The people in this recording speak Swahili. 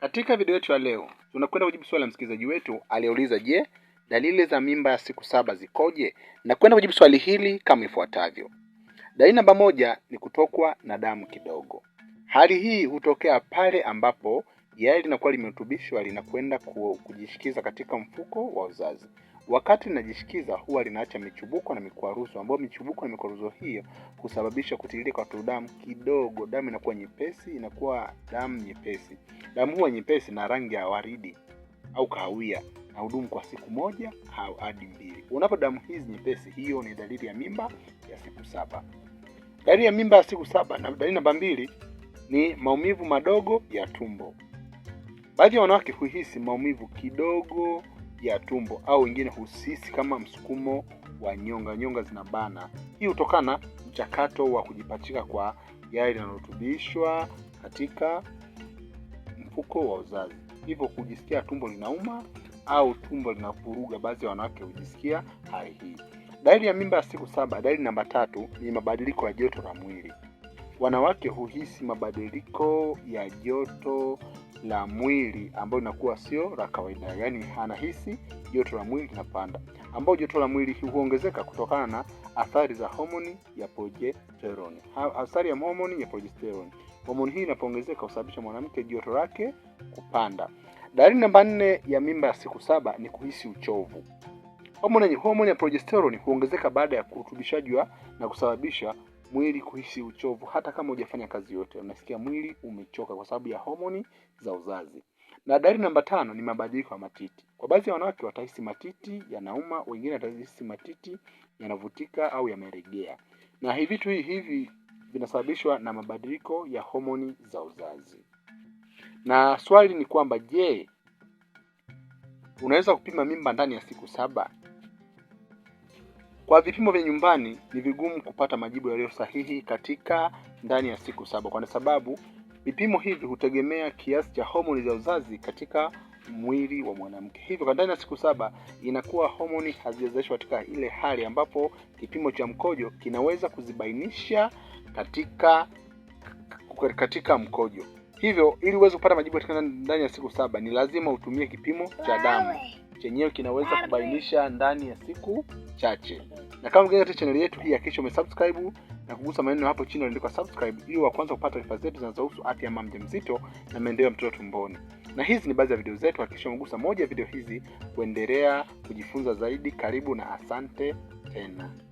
Katika video yetu ya leo tunakwenda kujibu swali la msikilizaji wetu aliyeuliza, je, dalili za mimba ya siku saba zikoje? Na kwenda kujibu swali hili kama ifuatavyo. Dalili namba moja ni kutokwa na damu kidogo. Hali hii hutokea pale ambapo yai linakuwa limerutubishwa linakwenda kujishikiza katika mfuko wa uzazi. Wakati linajishikiza huwa linaacha michubuko na mikwaruzo, ambayo michubuko na mikwaruzo hiyo husababisha kutiririka kwa damu kidogo. Damu inakuwa nyepesi, inakuwa damu nyepesi. Damu huwa nyepesi na rangi ya waridi au kahawia na hudumu kwa siku moja au hadi mbili. Unapo damu hizi nyepesi, hiyo ni dalili ya mimba ya siku saba. Dalili ya mimba ya siku saba na dalili namba mbili ni maumivu madogo ya tumbo. Baadhi ya wanawake huhisi maumivu kidogo ya tumbo au wengine husisi kama msukumo wa nyonga. Nyonga zinabana. Hii hutokana mchakato wa kujipachika kwa yai linalotubishwa katika mfuko wa uzazi, hivyo kujisikia tumbo linauma au tumbo linavuruga Baadhi ya wanawake hujisikia hali hii. Dalili ya mimba ya siku saba. Dalili namba tatu ni mabadiliko ya joto la mwili. Wanawake huhisi mabadiliko ya joto la mwili ambayo inakuwa sio la kawaida, yaani anahisi joto la mwili linapanda, ambayo joto la mwili huongezeka kutokana na athari za homoni ya progesterone. Athari ya homoni ya progesterone, homoni hii inapoongezeka husababisha mwanamke joto lake kupanda. Dalili namba nne ya mimba ya siku saba ni kuhisi uchovu. Homoni ya progesterone huongezeka baada ya kurutubishaji na kusababisha mwili kuhisi uchovu hata kama hujafanya kazi yote, unasikia mwili umechoka kwa sababu ya homoni za uzazi. Na dalili namba tano ni mabadiliko ya matiti. Kwa baadhi ya wanawake watahisi matiti yanauma, wengine watahisi matiti yanavutika au yameregea, na hivi vitu hivi vinasababishwa na mabadiliko ya homoni za uzazi. Na swali ni kwamba je, unaweza kupima mimba ndani ya siku saba? Kwa vipimo vya nyumbani ni vigumu kupata majibu yaliyo sahihi katika ndani ya siku saba, kwa sababu vipimo hivi hutegemea kiasi cha homoni za uzazi katika mwili wa mwanamke. Hivyo ndani ya siku saba inakuwa homoni hazijazalishwa katika ile hali ambapo kipimo cha mkojo kinaweza kuzibainisha katika katika mkojo. Hivyo ili uweze kupata majibu katika ndani ya siku saba ni lazima utumie kipimo cha damu chenyewe kinaweza kubainisha ndani ya siku chache. Na kama ungeenda katika chaneli yetu hii, hakikisha umesubscribe na kugusa maneno hapo chini yaliyoandikwa subscribe, ili wa kwanza kupata taarifa zetu zinazohusu afya ya mama mjamzito na maendeleo ya mtoto tumboni. Na hizi ni baadhi ya video zetu, hakikisha umegusa moja ya video hizi kuendelea kujifunza zaidi. Karibu na asante tena.